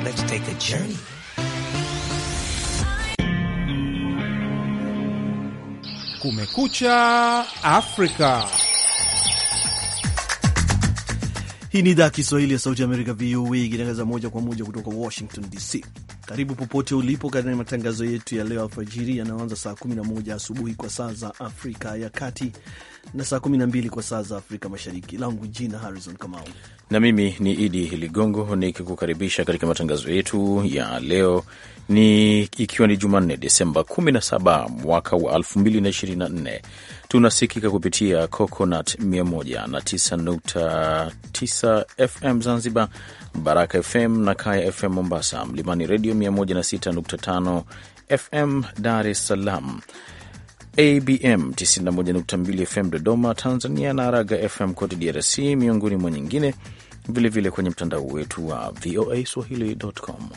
Let's take a journey. Kumekucha Afrika. Hii ni idhaa ya Kiswahili ya Sauti ya Amerika, VOA, ikitangaza moja kwa moja kutoka Washington DC. Karibu popote ulipo katika matangazo yetu ya leo alfajiri yanayoanza saa 11 asubuhi kwa saa za Afrika ya Kati na saa 12 kwa saa za Afrika Mashariki. Langu jina Harrison Kamau na mimi ni Idi Ligongo nikikukaribisha katika matangazo yetu ya leo ni ikiwa ni Jumanne, Desemba 17 mwaka wa 2024. Tunasikika kupitia Coconut 109.9 FM Zanzibar Baraka FM na Kaya FM Mombasa, Mlimani Redio 106.5 FM Dar es Salaam, ABM 91.2 FM Dodoma, Tanzania na Raga FM kote DRC, miongoni mwa nyingine, vilevile kwenye mtandao wetu wa VOA swahili.com.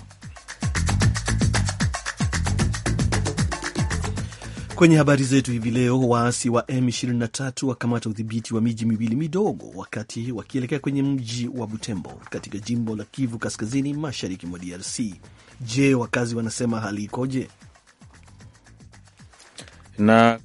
Kwenye habari zetu hivi leo, waasi wa M23 wakamata udhibiti wa miji miwili midogo wakati wakielekea kwenye mji wa Butembo katika jimbo la Kivu Kaskazini, mashariki mwa DRC. Je, wakazi wanasema hali ikoje? na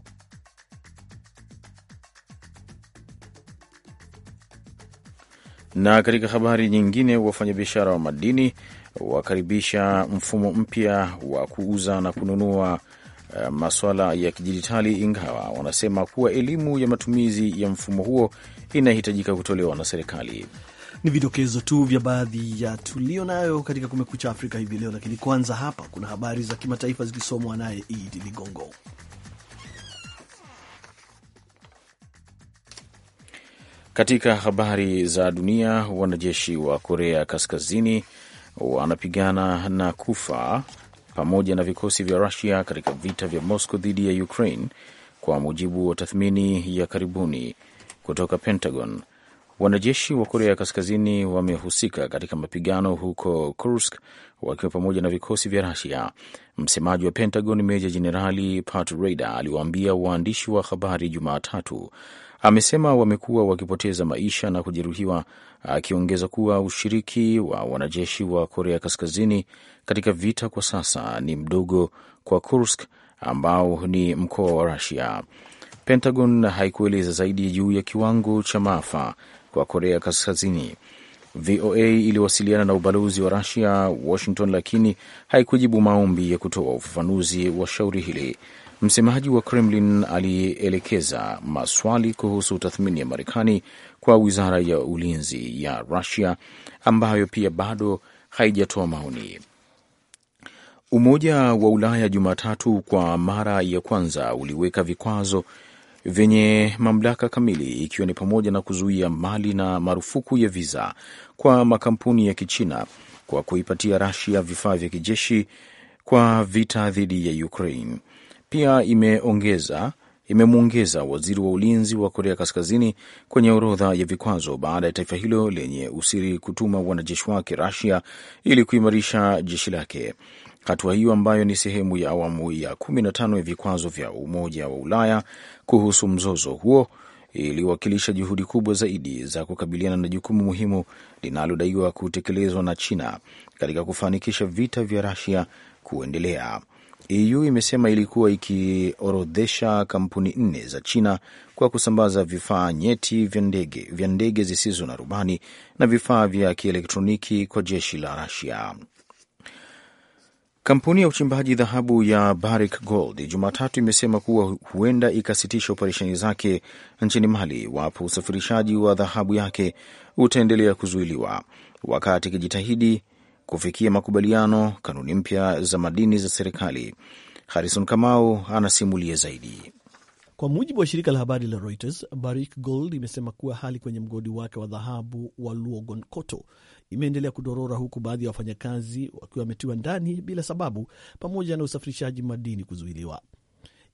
na katika habari nyingine, wafanyabiashara wa madini wakaribisha mfumo mpya wa kuuza na kununua Eh, masuala ya kidijitali, ingawa wanasema kuwa elimu ya matumizi ya mfumo huo inahitajika kutolewa na serikali. Ni vidokezo tu vya baadhi ya tulio nayo katika Kumekucha Afrika hivi leo, lakini kwanza hapa kuna habari za kimataifa zikisomwa naye Idi Ligongo. Katika habari za dunia, wanajeshi wa Korea Kaskazini wanapigana na kufa pamoja na vikosi vya Rusia katika vita vya Moscow dhidi ya Ukraine, kwa mujibu wa tathmini ya karibuni kutoka Pentagon. Wanajeshi wa Korea Kaskazini wamehusika katika mapigano huko Kursk wakiwa pamoja na vikosi vya Rusia. Msemaji wa Pentagon, meja jenerali Pat Reider, aliwaambia waandishi wa habari Jumatatu Amesema wamekuwa wakipoteza maisha na kujeruhiwa, akiongeza kuwa ushiriki wa wanajeshi wa Korea Kaskazini katika vita kwa sasa ni mdogo kwa Kursk ambao ni mkoa wa Rusia. Pentagon haikueleza zaidi juu ya kiwango cha maafa kwa Korea Kaskazini. VOA iliwasiliana na ubalozi wa Rusia Washington, lakini haikujibu maombi ya kutoa ufafanuzi wa shauri hili. Msemaji wa Kremlin alielekeza maswali kuhusu tathmini ya Marekani kwa wizara ya ulinzi ya Rusia, ambayo pia bado haijatoa maoni. Umoja wa Ulaya Jumatatu kwa mara ya kwanza uliweka vikwazo vyenye mamlaka kamili, ikiwa ni pamoja na kuzuia mali na marufuku ya viza kwa makampuni ya Kichina kwa kuipatia Rasia vifaa vya kijeshi kwa vita dhidi ya Ukraine. Pia imeongeza imemwongeza waziri wa ulinzi wa Korea Kaskazini kwenye orodha ya vikwazo baada ya taifa hilo lenye usiri kutuma wanajeshi wake Rasia ili kuimarisha jeshi lake hatua hiyo ambayo ni sehemu ya awamu ya 15 ya vikwazo vya Umoja wa Ulaya kuhusu mzozo huo iliwakilisha juhudi kubwa zaidi za kukabiliana na jukumu muhimu linalodaiwa kutekelezwa na China katika kufanikisha vita vya Rusia kuendelea. EU imesema ilikuwa ikiorodhesha kampuni nne za China kwa kusambaza vifaa nyeti vya ndege vya ndege zisizo na rubani na vifaa vya kielektroniki kwa jeshi la Rusia. Kampuni ya uchimbaji dhahabu ya Barrick Gold Jumatatu imesema kuwa huenda ikasitisha operesheni zake nchini Mali iwapo usafirishaji wa dhahabu yake utaendelea kuzuiliwa, wakati ikijitahidi kufikia makubaliano kanuni mpya za madini za serikali. Harrison Kamau anasimulia zaidi. Kwa mujibu wa shirika la habari la Reuters, Barrick Gold imesema kuwa hali kwenye mgodi wake wa dhahabu wa Luogon Koto imeendelea kudorora huku baadhi ya wafanyakazi wakiwa wametiwa ndani bila sababu, pamoja na usafirishaji madini kuzuiliwa.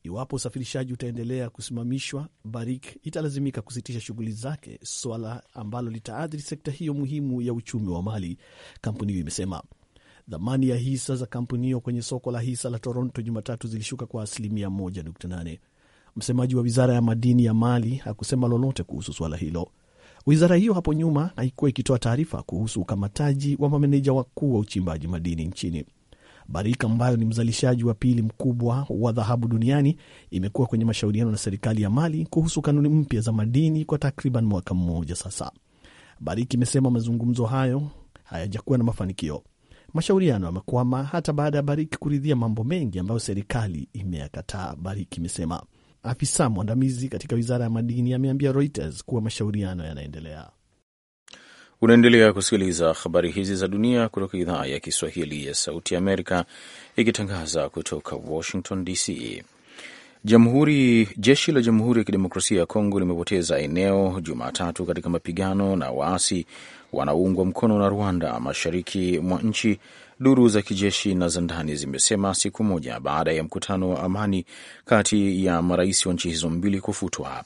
Iwapo usafirishaji utaendelea kusimamishwa, Barik italazimika kusitisha shughuli zake, swala ambalo litaathiri sekta hiyo muhimu ya uchumi wa Mali, kampuni hiyo imesema. Thamani ya hisa za kampuni hiyo kwenye soko la hisa la Toronto Jumatatu zilishuka kwa asilimia 1.8. Msemaji wa wizara ya madini ya Mali hakusema lolote kuhusu swala hilo. Wizara hiyo hapo nyuma haikuwa ikitoa taarifa kuhusu ukamataji wa mameneja wakuu wa uchimbaji madini nchini. Barika ambayo ni mzalishaji wa pili mkubwa wa dhahabu duniani imekuwa kwenye mashauriano na serikali ya Mali kuhusu kanuni mpya za madini kwa takriban mwaka mmoja sasa. Bariki imesema mazungumzo hayo hayajakuwa na mafanikio. Mashauriano yamekwama hata baada ya barik kuridhia mambo mengi ambayo serikali imeyakataa, barik imesema. Afisa mwandamizi katika wizara ya madini ameambia Reuters kuwa mashauriano yanaendelea. Unaendelea kusikiliza habari hizi za dunia kutoka idhaa ya Kiswahili ya Sauti ya Amerika, ikitangaza kutoka Washington DC. Jamhuri, jeshi la Jamhuri ya Kidemokrasia ya Kongo limepoteza eneo Jumatatu katika mapigano na waasi wanaoungwa mkono na Rwanda mashariki mwa nchi Duru za kijeshi na za ndani zimesema siku moja baada ya mkutano wa amani kati ya marais wa nchi hizo mbili kufutwa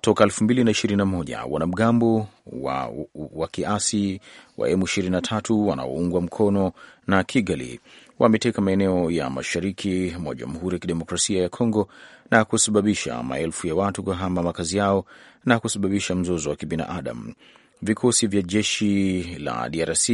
toka 2021 wanamgambo wa, wa kiasi wa M23 wanaoungwa mkono na Kigali wameteka maeneo ya mashariki mwa Jamhuri ya Kidemokrasia ya Kongo na kusababisha maelfu ya watu kuhama makazi yao na kusababisha mzozo wa kibinadamu. Vikosi vya jeshi la DRC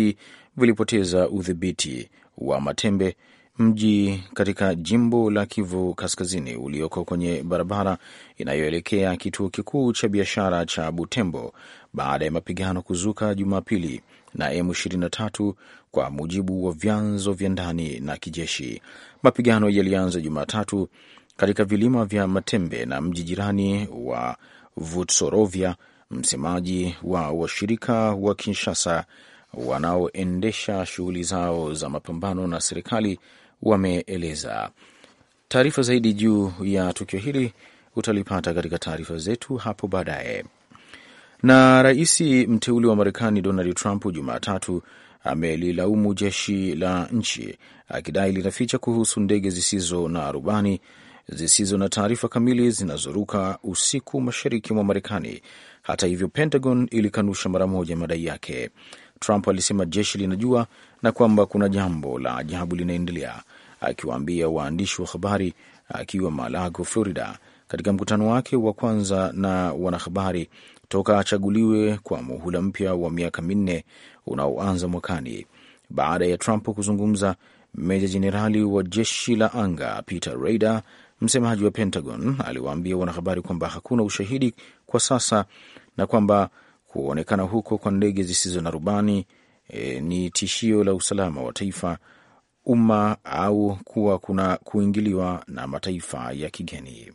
vilipoteza udhibiti wa Matembe, mji katika jimbo la Kivu Kaskazini ulioko kwenye barabara inayoelekea kituo kikuu cha biashara cha Butembo baada ya mapigano kuzuka Jumapili na M23 kwa mujibu wa vyanzo vya ndani na kijeshi. Mapigano yalianza Jumatatu katika vilima vya Matembe na mji jirani wa Vutsorovia. Msemaji wa washirika wa Kinshasa wanaoendesha shughuli zao za mapambano na serikali wameeleza. Taarifa zaidi juu ya tukio hili utalipata katika taarifa zetu hapo baadaye. Na rais mteule wa Marekani Donald Trump Jumatatu amelilaumu jeshi la nchi akidai linaficha kuhusu ndege zisizo na rubani zisizo na taarifa kamili zinazoruka usiku mashariki mwa Marekani. Hata hivyo, Pentagon ilikanusha mara moja madai yake. Trump alisema jeshi linajua na kwamba kuna jambo la ajabu linaendelea, akiwaambia waandishi wa habari akiwa Malago, Florida, katika mkutano wake wa kwanza na wanahabari toka achaguliwe kwa muhula mpya wa miaka minne unaoanza mwakani. Baada ya Trump kuzungumza, meja jenerali wa jeshi la anga Peter Reider, msemaji wa Pentagon, aliwaambia wanahabari kwamba hakuna ushahidi kwa sasa na kwamba Kuonekana huko kwa ndege zisizo na rubani e, ni tishio la usalama wa taifa, umma au kuwa kuna kuingiliwa na mataifa ya kigeni.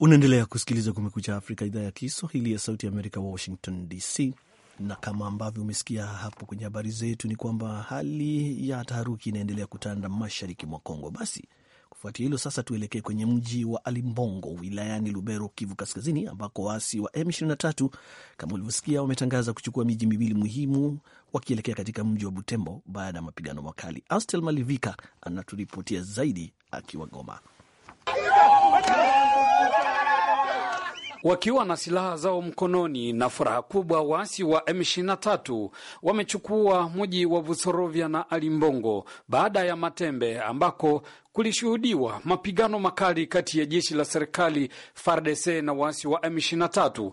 Unaendelea kusikiliza Kumekucha Afrika, idhaa ya Kiswahili ya Sauti ya Amerika, Washington DC na kama ambavyo umesikia hapo kwenye habari zetu ni kwamba hali ya taharuki inaendelea kutanda mashariki mwa Kongo. Basi kufuatia hilo, sasa tuelekee kwenye mji wa Alimbongo wilayani Lubero, Kivu Kaskazini, ambako waasi wa M23 kama ulivyosikia, wametangaza kuchukua miji miwili muhimu wakielekea katika mji wa Butembo baada ya mapigano makali. Astel Malivika anaturipotia zaidi akiwa Goma. Wakiwa na silaha zao mkononi na furaha kubwa, waasi wa M23 wamechukua mji wa Vusorovya na Alimbongo baada ya Matembe ambako kulishuhudiwa mapigano makali kati ya jeshi la serikali FARDC na waasi wa M23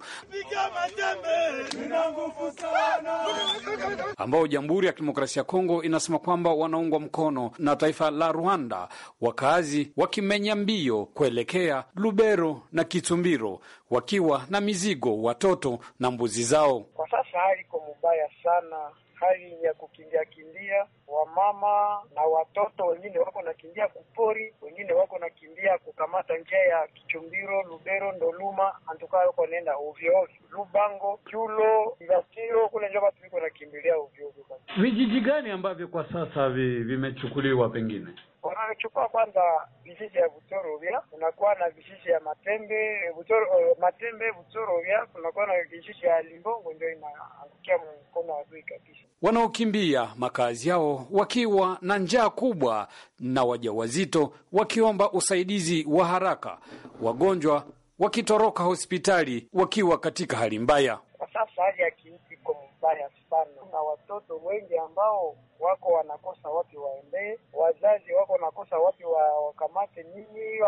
ambao Jamhuri ya Kidemokrasia ya Kongo inasema kwamba wanaungwa mkono na taifa la Rwanda, wakaazi wakimenya mbio kuelekea Lubero na Kitumbiro wakiwa na mizigo, watoto na mbuzi zao. Kwa sasa hali iko mbaya sana, hali ya kukimbia kimbia wamama na watoto, wengine wako nakimbia kupori, wengine wako nakimbia kukamata njia ya Kichumbiro, Lubero, Ndoluma, antuka wako nenda ovyo Lubango, Chulo, Ivatiro kule njo watu wiko nakimbilia ovyo Vijiji gani ambavyo kwa sasa vimechukuliwa pengine wanachukua kwanza vijiji ya Vutorovya, kunakuwa na vijiji ya Matembe Butoro, uh, Matembe Vutorovya, kunakuwa na vijiji ya Limbongo ndio inaangukia mkono wa adui kabisa. Wanaokimbia makazi yao wakiwa na njaa kubwa na wajawazito wakiomba usaidizi wa haraka, wagonjwa wakitoroka hospitali wakiwa katika hali mbaya. Kwa sasa hali ya kiuti iko mbaya sana, na watoto wengi ambao wako wanakosa wapi waendee, wazazi wako wanakosa wapi wakamate. Nyinyi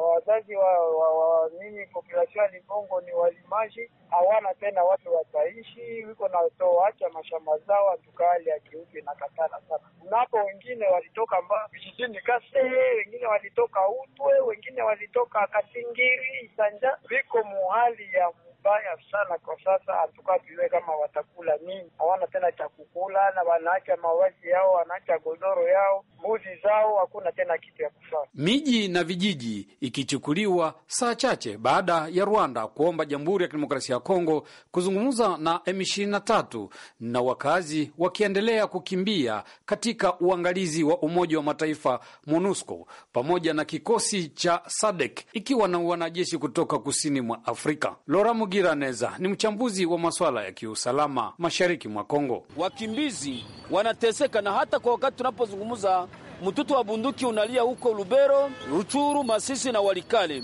wazazi wa, wa, wa nyinyi population ya Libongo ni walimaji, hawana tena watu wataishi, wiko natoacha mashamba zao. Atukali ya na inakatala sana Napo Wengine walitoka mba vijijini Kase, wengine walitoka Utwe, wengine walitoka Katingiri Isanja, viko muhali ya vibaya sana kwa sasa, hatuka tujue kama watakula nini. Hawana tena cha kukula, na wanaacha mawazi yao, wanaacha godoro yao, mbuzi zao, hakuna tena kitu ya kufaa. Miji na vijiji ikichukuliwa saa chache baada ya Rwanda kuomba Jamhuri ya Kidemokrasia ya Kongo kuzungumza na M23 na wakazi wakiendelea kukimbia katika uangalizi wa Umoja wa Mataifa MONUSCO pamoja na kikosi cha SADEK ikiwa na wanajeshi kutoka kusini mwa Afrika Lora Mugi Magira Neza ni mchambuzi wa masuala ya kiusalama mashariki mwa Kongo. Wakimbizi wanateseka na hata kwa wakati tunapozungumza, mtutu wa bunduki unalia huko Lubero, Ruchuru, Masisi na Walikale.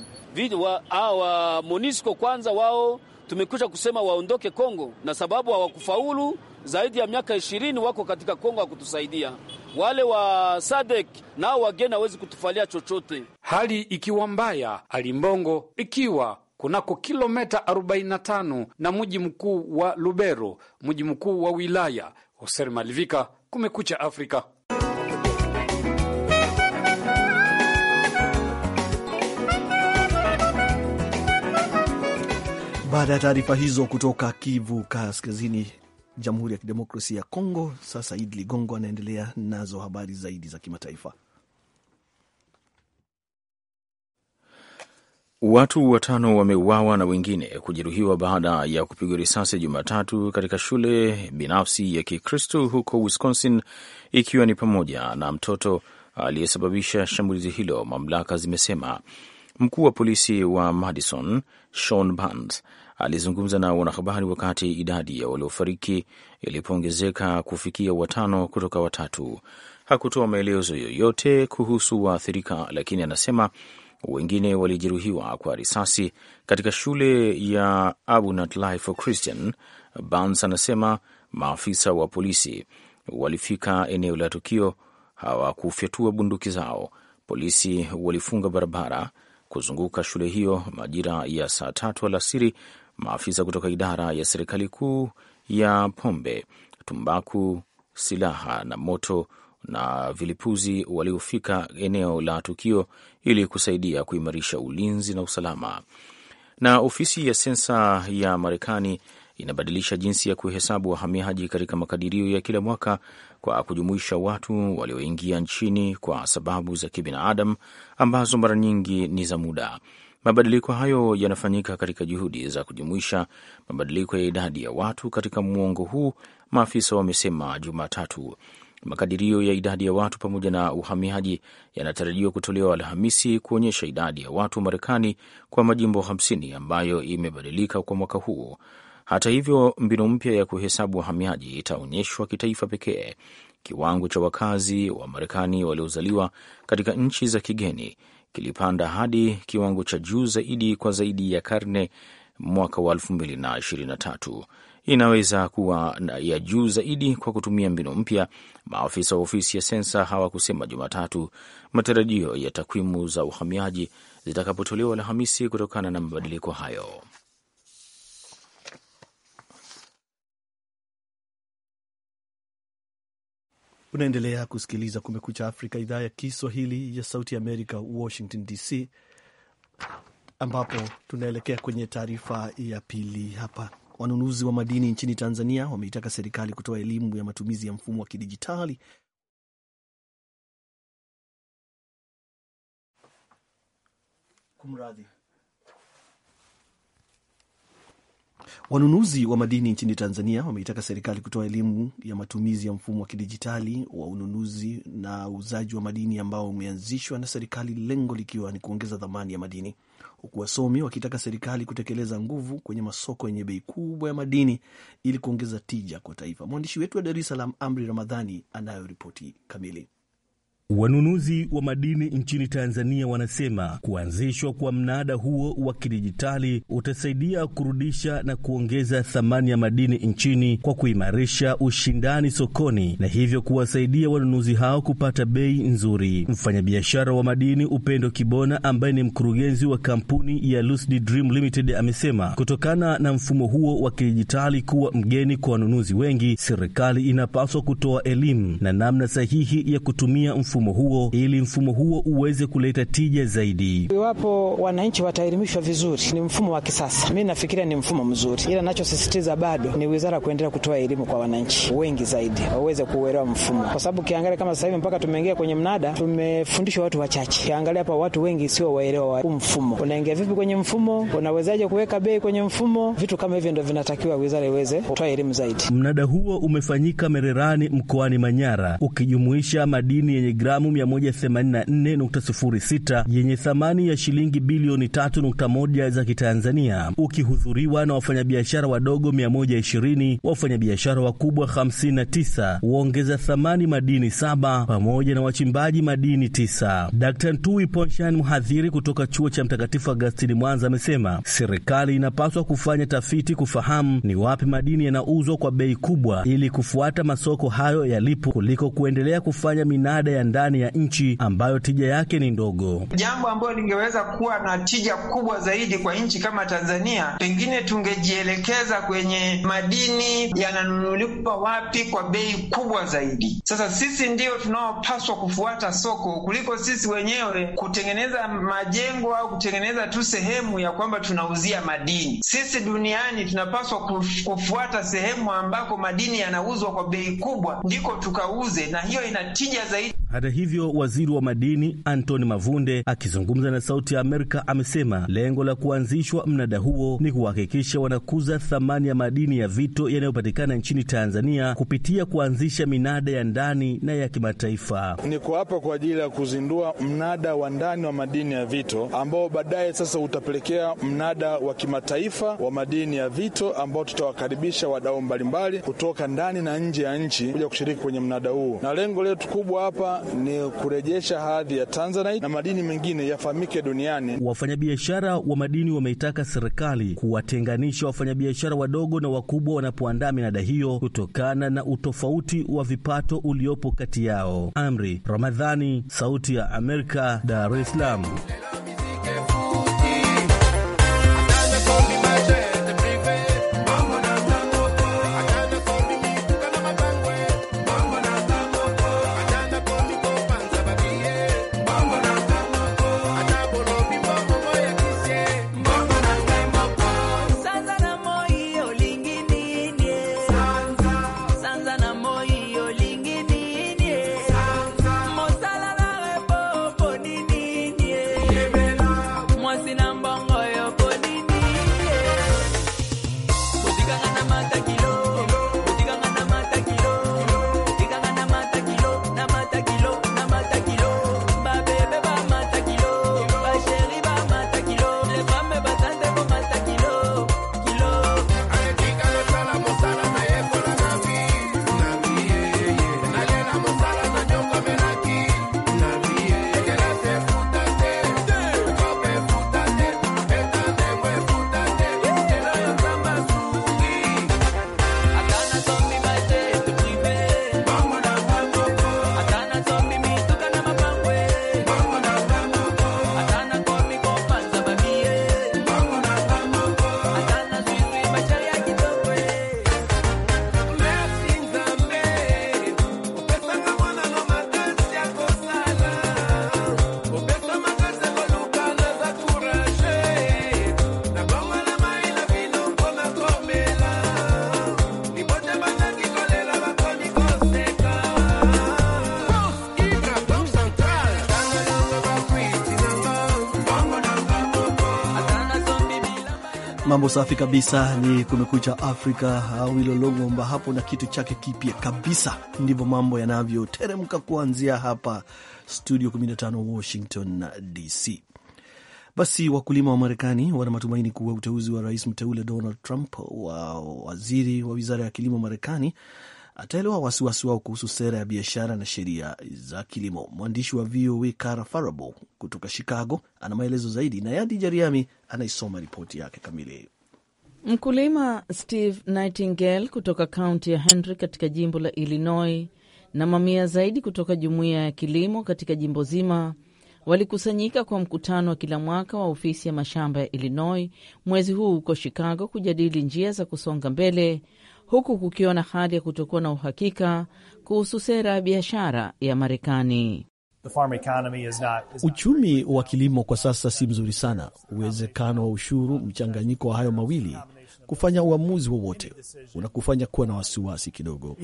awa ah, Monisco kwanza wao tumekwisha kusema waondoke Kongo na sababu hawakufaulu zaidi ya miaka ishirini wako katika Kongo hakutusaidia. Wale wa Sadek nao wageni hawezi kutufalia chochote, hali ikiwa mbaya, alimbongo ikiwa kunako kilometa 45 na mji mkuu wa Lubero, mji mkuu wa wilaya. Hoser Malivika, Kumekucha Afrika. Baada ya taarifa hizo kutoka Kivu Kaskazini, Jamhuri ya Kidemokrasia ya Kongo, sasa Idi Ligongo anaendelea nazo habari zaidi za kimataifa. Watu watano wameuawa na wengine kujeruhiwa baada ya kupigwa risasi Jumatatu katika shule binafsi ya Kikristo huko Wisconsin, ikiwa ni pamoja na mtoto aliyesababisha shambulizi hilo, mamlaka zimesema. Mkuu wa polisi wa Madison Sean Burns alizungumza na wanahabari wakati idadi ya waliofariki ilipoongezeka kufikia watano kutoka watatu. Hakutoa maelezo yoyote kuhusu waathirika, lakini anasema wengine walijeruhiwa kwa risasi katika shule ya Abu Natlai for Christian. anasema maafisa wa polisi walifika eneo la tukio, hawakufyatua bunduki zao. Polisi walifunga barabara kuzunguka shule hiyo majira ya saa tatu alasiri. Maafisa kutoka idara ya serikali kuu ya pombe, tumbaku, silaha na moto na vilipuzi waliofika eneo la tukio ili kusaidia kuimarisha ulinzi na usalama. Na ofisi ya sensa ya Marekani inabadilisha jinsi ya kuhesabu wahamiaji katika makadirio ya kila mwaka kwa kujumuisha watu walioingia nchini kwa sababu za kibinadamu ambazo mara nyingi ni za muda. Mabadiliko hayo yanafanyika katika juhudi za kujumuisha mabadiliko ya idadi ya watu katika mwongo huu, maafisa wamesema Jumatatu. Makadirio ya idadi ya watu pamoja na uhamiaji yanatarajiwa kutolewa Alhamisi kuonyesha idadi ya watu wa Marekani kwa majimbo 50 ambayo imebadilika kwa mwaka huu. Hata hivyo, mbinu mpya ya kuhesabu wahamiaji itaonyeshwa kitaifa pekee. Kiwango cha wakazi wa Marekani waliozaliwa katika nchi za kigeni kilipanda hadi kiwango cha juu zaidi kwa zaidi ya karne mwaka wa 2023 inaweza kuwa ya juu zaidi kwa kutumia mbinu mpya. Maafisa wa ofisi ya sensa hawakusema Jumatatu matarajio ya takwimu za uhamiaji zitakapotolewa Alhamisi kutokana na mabadiliko hayo. Unaendelea kusikiliza Kumekucha Afrika, idhaa ya Kiswahili ya Sauti ya Amerika, Washington DC, ambapo tunaelekea kwenye taarifa ya pili hapa wanunuzi wa madini nchini Tanzania wameitaka serikali kutoa elimu ya matumizi ya mfumo wa kidijitali kumradhi Wanunuzi wa madini nchini Tanzania wameitaka serikali kutoa elimu ya matumizi ya mfumo wa kidijitali wa ununuzi na uuzaji wa madini ambao umeanzishwa na serikali, lengo likiwa ni kuongeza dhamani ya madini huku wasomi wakitaka serikali kutekeleza nguvu kwenye masoko yenye bei kubwa ya madini ili kuongeza tija kwa taifa. Mwandishi wetu wa Dar es Salaam, Amri Ramadhani, anayo ripoti kamili. Wanunuzi wa madini nchini Tanzania wanasema kuanzishwa kwa mnada huo wa kidijitali utasaidia kurudisha na kuongeza thamani ya madini nchini kwa kuimarisha ushindani sokoni na hivyo kuwasaidia wanunuzi hao kupata bei nzuri. Mfanyabiashara wa madini Upendo Kibona, ambaye ni mkurugenzi wa kampuni ya Lucid Dream Limited, amesema kutokana na mfumo huo wa kidijitali kuwa mgeni kwa wanunuzi wengi, serikali inapaswa kutoa elimu na namna sahihi ya kutumia mfumo mfumo huo ili mfumo huo uweze kuleta tija zaidi. Iwapo wananchi wataelimishwa vizuri, ni mfumo wa kisasa, mi nafikiria ni mfumo mzuri, ila nachosisitiza bado ni wizara kuendelea kutoa elimu kwa wananchi wengi zaidi waweze kuuelewa mfumo, kwa sababu ukiangalia kama sasa hivi mpaka tumeingia kwenye mnada tumefundishwa watu wachache. Ukiangalia hapa watu wengi sio waelewa wa mfumo, unaingia vipi kwenye mfumo, unawezaje kuweka bei kwenye mfumo. Vitu kama hivyo ndo vinatakiwa wizara iweze kutoa elimu zaidi. Mnada huo umefanyika Mererani mkoani Manyara ukijumuisha madini yenye gramu 184.06 yenye thamani ya shilingi bilioni 3.1 za Kitanzania, ukihudhuriwa na wafanyabiashara wadogo 120, wafanyabiashara wakubwa 59, waongeza thamani madini saba pamoja na wachimbaji madini tisa. Dkt. Ntui Ponshan, mhadhiri kutoka chuo cha Mtakatifu Agustini Mwanza, amesema serikali inapaswa kufanya tafiti kufahamu ni wapi madini yanauzwa kwa bei kubwa ili kufuata masoko hayo yalipo kuliko kuendelea kufanya minada ya ndani ya nchi ambayo tija yake ni ndogo, jambo ambalo lingeweza kuwa na tija kubwa zaidi kwa nchi kama Tanzania. Pengine tungejielekeza kwenye madini yananunuliwa wapi kwa bei kubwa zaidi. Sasa sisi ndiyo tunaopaswa kufuata soko kuliko sisi wenyewe kutengeneza majengo au kutengeneza tu sehemu ya kwamba tunauzia madini. Sisi duniani tunapaswa kufuata sehemu ambako madini yanauzwa kwa bei kubwa, ndiko tukauze, na hiyo ina tija zaidi. Hata hivyo, waziri wa madini antoni Mavunde akizungumza na Sauti ya Amerika amesema lengo la kuanzishwa mnada huo ni kuhakikisha wanakuza thamani ya madini ya vito yanayopatikana nchini Tanzania kupitia kuanzisha minada ya ndani na ya kimataifa. Niko hapa kwa ajili ya kuzindua mnada wa ndani wa madini ya vito ambao baadaye sasa utapelekea mnada wa kimataifa wa madini ya vito ambao tutawakaribisha wadau mbalimbali kutoka ndani na nje ya nchi kuja kushiriki kwenye mnada huo, na lengo letu kubwa hapa ni kurejesha hadhi ya tanzanite na madini mengine yafahamike duniani. Wafanyabiashara wa madini wameitaka serikali kuwatenganisha wafanyabiashara wadogo na wakubwa wanapoandaa minada hiyo kutokana na utofauti wa vipato uliopo kati yao. Amri Ramadhani, Sauti ya Amerika, Dar es Salaam. safi kabisa, ni Kumekucha Afrika. Awilo Longomba hapo na kitu chake kipya kabisa. Ndivyo mambo yanavyoteremka kuanzia hapa studio 15 Washington DC. Basi wakulima wa Marekani wana matumaini kuwa uteuzi wa rais mteule Donald Trump wa waziri wa wizara ya kilimo Marekani ataelewa wasiwasi wao kuhusu sera ya biashara na sheria za kilimo. Mwandishi wa VOA Cara Farabo kutoka Chicago ana maelezo zaidi, na Yadi Jariami anaisoma ripoti yake kamili. Mkulima Steve Nightingale kutoka kaunti ya Henry katika jimbo la Illinois na mamia zaidi kutoka jumuiya ya kilimo katika jimbo zima walikusanyika kwa mkutano wa kila mwaka wa ofisi ya mashamba ya Illinois mwezi huu huko Chicago kujadili njia za kusonga mbele, huku kukiwa na hali ya kutokuwa na uhakika kuhusu sera ya biashara ya Marekani. Uchumi wa kilimo kwa sasa si mzuri sana. Uwezekano wa ushuru, mchanganyiko wa hayo mawili, kufanya uamuzi wowote unakufanya kuwa na wasiwasi kidogo.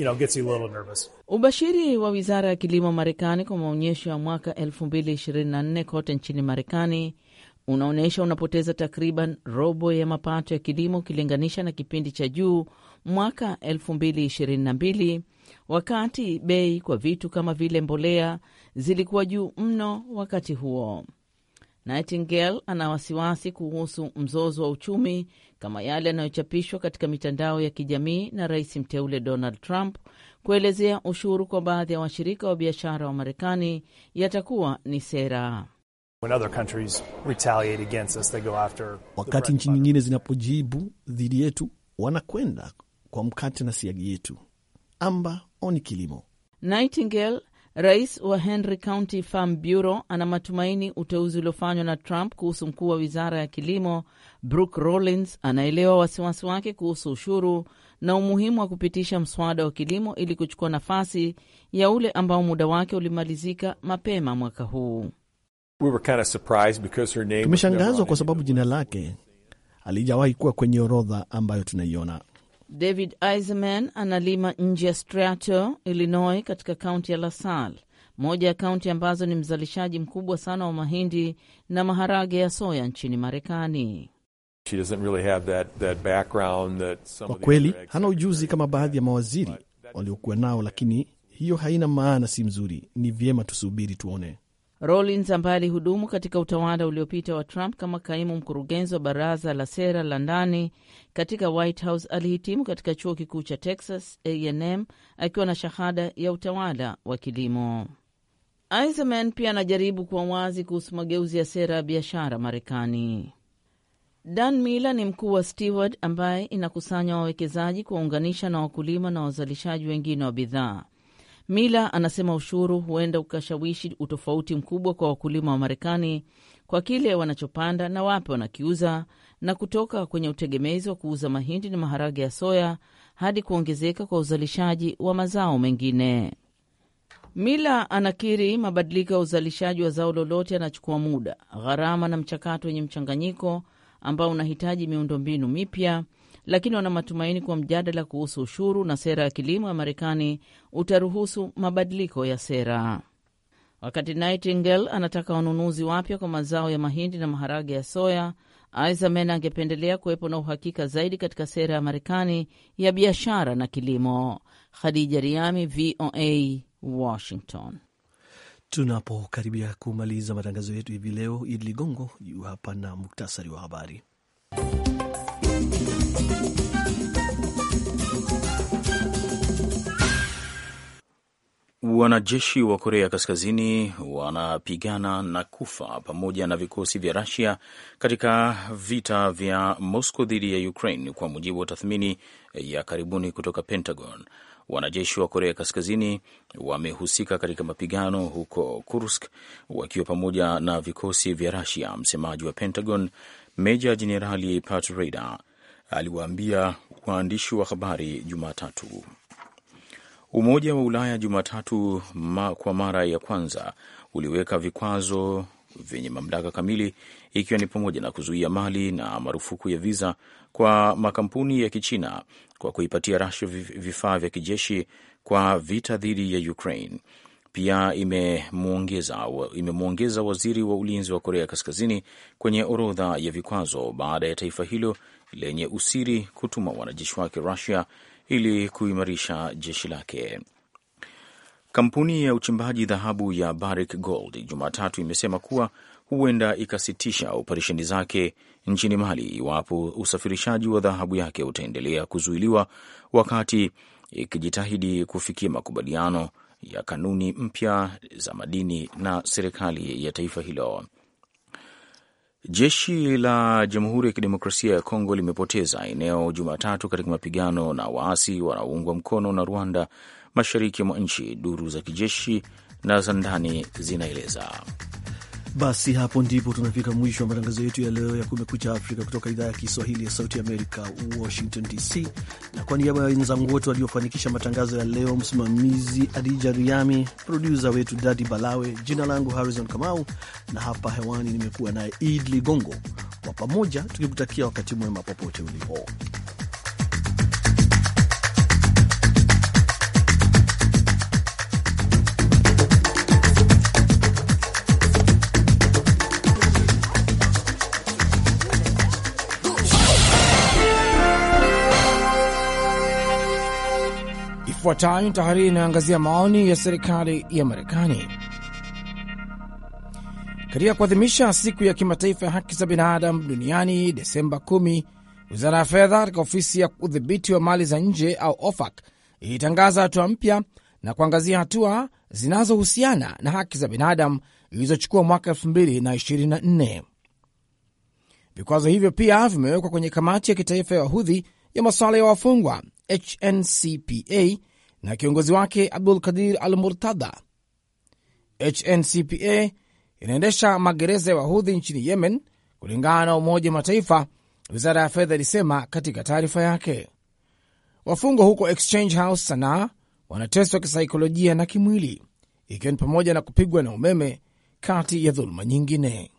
Ubashiri wa wizara ya kilimo Marekani kwa maonyesho ya mwaka 2024 kote nchini Marekani unaonyesha unapoteza takriban robo ya mapato ya kilimo ukilinganisha na kipindi cha juu mwaka 2022 wakati bei kwa vitu kama vile mbolea zilikuwa juu mno wakati huo. Nightingale ana wasiwasi kuhusu mzozo wa uchumi kama yale yanayochapishwa katika mitandao ya kijamii na rais mteule Donald Trump kuelezea ushuru kwa baadhi ya washirika wa biashara wa Marekani yatakuwa ni sera Wakati nchi nyingine zinapojibu dhidi yetu, wanakwenda kwa mkate na siagi yetu. Amba Oni Kilimo Nightingale, rais wa Henry County Farm Bureau, ana matumaini uteuzi uliofanywa na Trump kuhusu mkuu wa wizara ya kilimo Brooke Rollins anaelewa wasiwasi wake kuhusu ushuru na umuhimu wa kupitisha mswada wa kilimo ili kuchukua nafasi ya ule ambao muda wake ulimalizika mapema mwaka huu. We were kind of surprised because her name, tumeshangazwa kwa sababu jina lake alijawahi kuwa kwenye orodha ambayo tunaiona. David Eisenman analima nje ya Strato, Illinois, katika kaunti ya LaSalle, moja ya kaunti ambazo ni mzalishaji mkubwa sana wa mahindi na maharage ya soya nchini Marekani. Really that, that that kwa kweli hana ujuzi kama baadhi ya mawaziri waliokuwa nao, lakini hiyo haina maana, si mzuri. Ni vyema tusubiri tuone. Rollins ambaye alihudumu katika utawala uliopita wa Trump kama kaimu mkurugenzi wa baraza la sera la ndani katika White House alihitimu katika chuo kikuu cha Texas A&M akiwa na shahada ya utawala wa kilimo. Eisenman pia anajaribu kuwa wazi kuhusu mageuzi ya sera ya biashara Marekani. Dan Miller ni mkuu wa Steward ambaye inakusanya wawekezaji kuwaunganisha na wakulima na wazalishaji wengine wa bidhaa Mila anasema ushuru huenda ukashawishi utofauti mkubwa kwa wakulima wa Marekani kwa kile wanachopanda na wapi wanakiuza na kutoka kwenye utegemezi wa kuuza mahindi na maharage ya soya hadi kuongezeka kwa uzalishaji wa mazao mengine. mila anakiri mabadiliko ya uzalishaji wa zao lolote yanachukua muda, gharama na mchakato wenye mchanganyiko ambao unahitaji miundombinu mipya lakini wana matumaini kuwa mjadala kuhusu ushuru na sera ya kilimo ya Marekani utaruhusu mabadiliko ya sera. Wakati Nightingale anataka wanunuzi wapya kwa mazao ya mahindi na maharage ya soya, isamen angependelea kuwepo na uhakika zaidi katika sera ya Marekani ya biashara na kilimo. Khadija Riami, VOA, Washington. Tunapokaribia kumaliza matangazo yetu hivi leo, Idi Ligongo yu hapa na muktasari wa habari. Wanajeshi wa Korea Kaskazini wanapigana na kufa pamoja na vikosi vya Rusia katika vita vya Moscow dhidi ya Ukraine, kwa mujibu wa tathmini ya karibuni kutoka Pentagon. Wanajeshi wa Korea Kaskazini wamehusika katika mapigano huko Kursk wakiwa pamoja na vikosi vya Rusia. Msemaji wa Pentagon Meja Jenerali Pat aliwaambia waandishi wa habari Jumatatu. Umoja wa Ulaya Jumatatu ma, kwa mara ya kwanza uliweka vikwazo vyenye mamlaka kamili ikiwa ni pamoja na kuzuia mali na marufuku ya viza kwa makampuni ya Kichina kwa kuipatia rasia vifaa vya kijeshi kwa vita dhidi ya Ukraine. Pia imemwongeza waziri wa ulinzi wa Korea Kaskazini kwenye orodha ya vikwazo baada ya taifa hilo lenye usiri kutuma wanajeshi wake Rusia ili kuimarisha jeshi lake. Kampuni ya uchimbaji dhahabu ya Barrick Gold Jumatatu imesema kuwa huenda ikasitisha operesheni zake nchini Mali iwapo usafirishaji wa dhahabu yake utaendelea kuzuiliwa, wakati ikijitahidi kufikia makubaliano ya kanuni mpya za madini na serikali ya taifa hilo. Jeshi la Jamhuri ya Kidemokrasia ya Kongo limepoteza eneo Jumatatu katika mapigano na waasi wanaoungwa mkono na Rwanda mashariki mwa nchi, duru za kijeshi na za ndani zinaeleza. Basi hapo ndipo tunafika mwisho wa matangazo yetu ya leo ya Kumekucha Afrika kutoka idhaa ya Kiswahili ya Sauti Amerika, Washington DC. Na kwa niaba ya wenzangu wote waliofanikisha matangazo ya leo, msimamizi Adija Riami, produsa wetu Dadi Balawe, jina langu Harrison Kamau na hapa hewani nimekuwa naye Id Ligongo, kwa pamoja tukikutakia wakati mwema popote ulipo. Ifuatayo ni tahariri inayoangazia maoni ya serikali ya Marekani. Katika kuadhimisha siku ya kimataifa ya haki za binadamu duniani Desemba 10, wizara ya fedha katika ofisi ya udhibiti wa mali za nje au OFAC ilitangaza hatua mpya na kuangazia hatua zinazohusiana na haki za binadamu ilizochukua mwaka 2024. Vikwazo hivyo pia vimewekwa kwenye kamati ya kitaifa ya wahudhi ya masuala ya wafungwa HNCPA na kiongozi wake Abdul Kadir Al Murtada. HNCPA inaendesha magereza ya wahudhi nchini Yemen, kulingana na Umoja wa Mataifa, wizara ya fedha ilisema katika taarifa yake. Wafungwa huko Exchange House Sanaa wanateswa kisaikolojia na kimwili, ikiwa ni pamoja na kupigwa na umeme, kati ya dhuluma nyingine.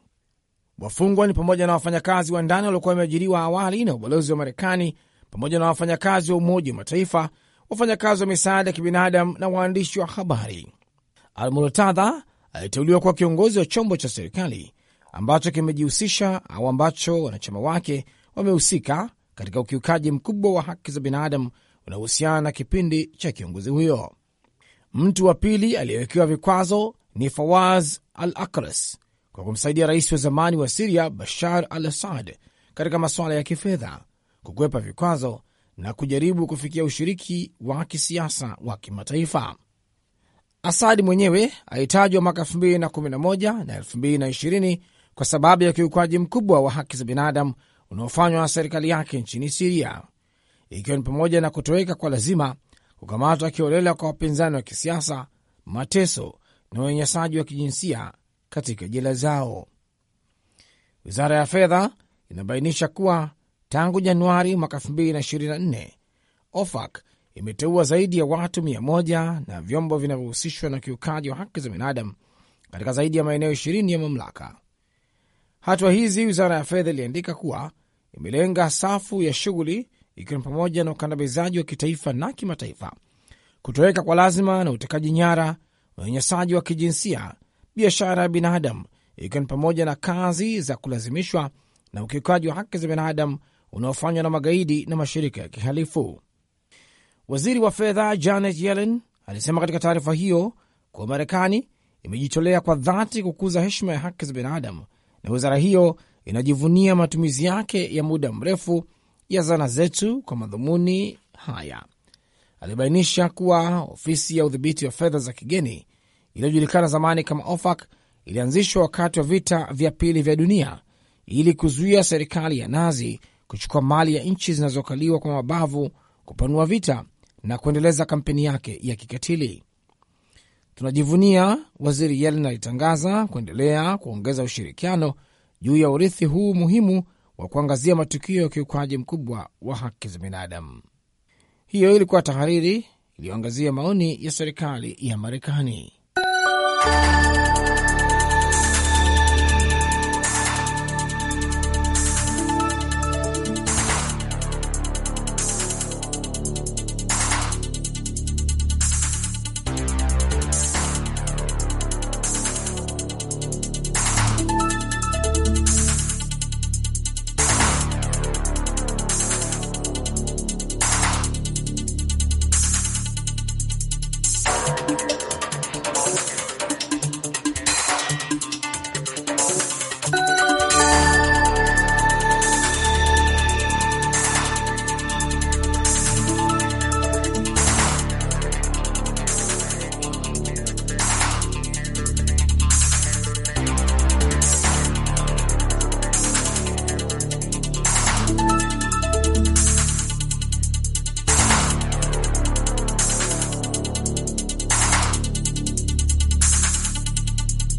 Wafungwa ni pamoja na wafanyakazi wa ndani waliokuwa wameajiriwa awali na ubalozi wa Marekani pamoja na wafanyakazi wa Umoja wa Mataifa wafanyakazi wa misaada ya kibinadamu na waandishi wa habari. Almurtadha aliteuliwa kuwa kiongozi wa chombo cha serikali ambacho kimejihusisha au ambacho wanachama wake wamehusika katika ukiukaji mkubwa wa haki za binadamu unaohusiana na kipindi cha kiongozi huyo. Mtu wa pili aliyewekewa vikwazo ni Fawaz al Akras kwa kumsaidia rais wa zamani wa Siria Bashar al Assad katika masuala ya kifedha, kukwepa vikwazo na kujaribu kufikia ushiriki wa kisiasa wa kimataifa. Asadi mwenyewe alitajwa mwaka 2011 na 2020 kwa sababu ya kiukwaji mkubwa wa haki za binadamu unaofanywa na serikali yake nchini Siria, ikiwa ni pamoja na kutoweka kwa lazima, kukamatwa akiolela kwa wapinzani wa kisiasa, mateso na unyanyasaji wa kijinsia katika jela zao. Wizara ya fedha inabainisha kuwa Tangu Januari mwaka 2024 OFAC imeteua zaidi ya watu mia na vyombo vinavyohusishwa na kiukaji wa haki za binadamu katika zaidi ya maeneo 20 ya mamlaka. Hatua hizi, wizara ya fedha iliandika kuwa imelenga safu ya shughuli ikiwa ni pamoja na ukandamizaji wa kitaifa na kimataifa, kutoweka kwa lazima na utekaji nyara, unyanyasaji wa kijinsia, biashara ya binadamu ikiwa ni pamoja na kazi za kulazimishwa na ukiukaji wa haki za binadamu unaofanywa na magaidi na mashirika ya kihalifu. Waziri wa fedha Janet Yellen alisema katika taarifa hiyo kuwa Marekani imejitolea kwa dhati kukuza heshima ya haki za binadamu na wizara hiyo inajivunia matumizi yake ya muda mrefu ya zana zetu kwa madhumuni haya. Alibainisha kuwa ofisi ya udhibiti wa fedha za kigeni iliyojulikana zamani kama OFAC ilianzishwa wakati wa vita vya pili vya dunia ili kuzuia serikali ya Nazi kuchukua mali ya nchi zinazokaliwa kwa mabavu, kupanua vita na kuendeleza kampeni yake ya kikatili. Tunajivunia, Waziri Yellen alitangaza kuendelea kuongeza ushirikiano juu ya urithi huu muhimu wa kuangazia matukio ya ukiukaji mkubwa wa haki za binadamu. Hiyo ilikuwa tahariri iliyoangazia maoni ya serikali ya Marekani.